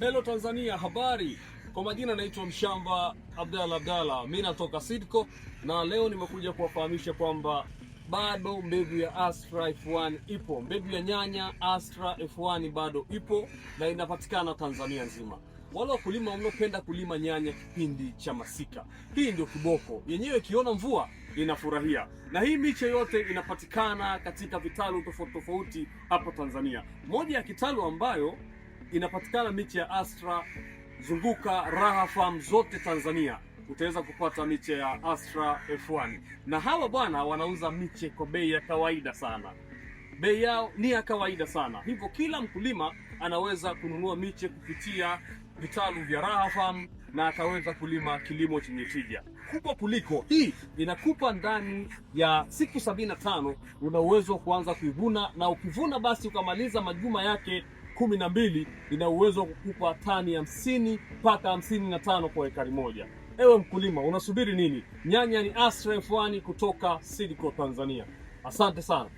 Hello Tanzania, habari. Kwa majina naitwa Mshamba Abdalla Abdalla, mimi natoka Sidco na leo nimekuja kuwafahamisha kwamba bado mbegu ya Astra F1 ipo, mbegu ya nyanya Astra F1 bado ipo na inapatikana Tanzania nzima. Wale wakulima wanaopenda kulima nyanya kipindi cha masika, hii ndio kiboko yenyewe, ikiona mvua inafurahia. Na hii miche yote inapatikana katika vitalu tofauti tofauti hapo Tanzania. Moja ya kitalu ambayo inapatikana miche ya Astra. Zunguka Raha Farm zote Tanzania utaweza kupata miche ya Astra F1, na hawa bwana wanauza miche kwa bei ya kawaida sana. Bei yao ni ya kawaida sana, hivyo kila mkulima anaweza kununua miche kupitia vitalu vya Raha Farm na ataweza kulima kilimo chenye tija kubwa kuliko hii. Inakupa ndani ya siku sabini na tano una uwezo wa kuanza kuivuna, na ukivuna basi ukamaliza majuma yake kumi na mbili ina uwezo wa kukupa tani hamsini mpaka hamsini na tano kwa ekari moja. Ewe mkulima, unasubiri nini? Nyanya ni Asra F1 kutoka Sidco Tanzania. Asante sana.